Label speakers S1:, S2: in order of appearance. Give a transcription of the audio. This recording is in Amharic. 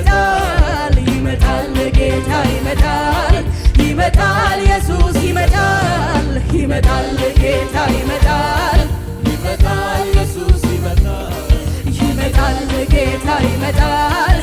S1: ይመጣል ይመጣል ጌታ ይመጣል ይመጣል ኢየሱስ ይመጣል ይመጣል ጌታ ይመጣል ይመጣል ኢየሱስ ይመጣል ይመጣል ጌታ ይመጣል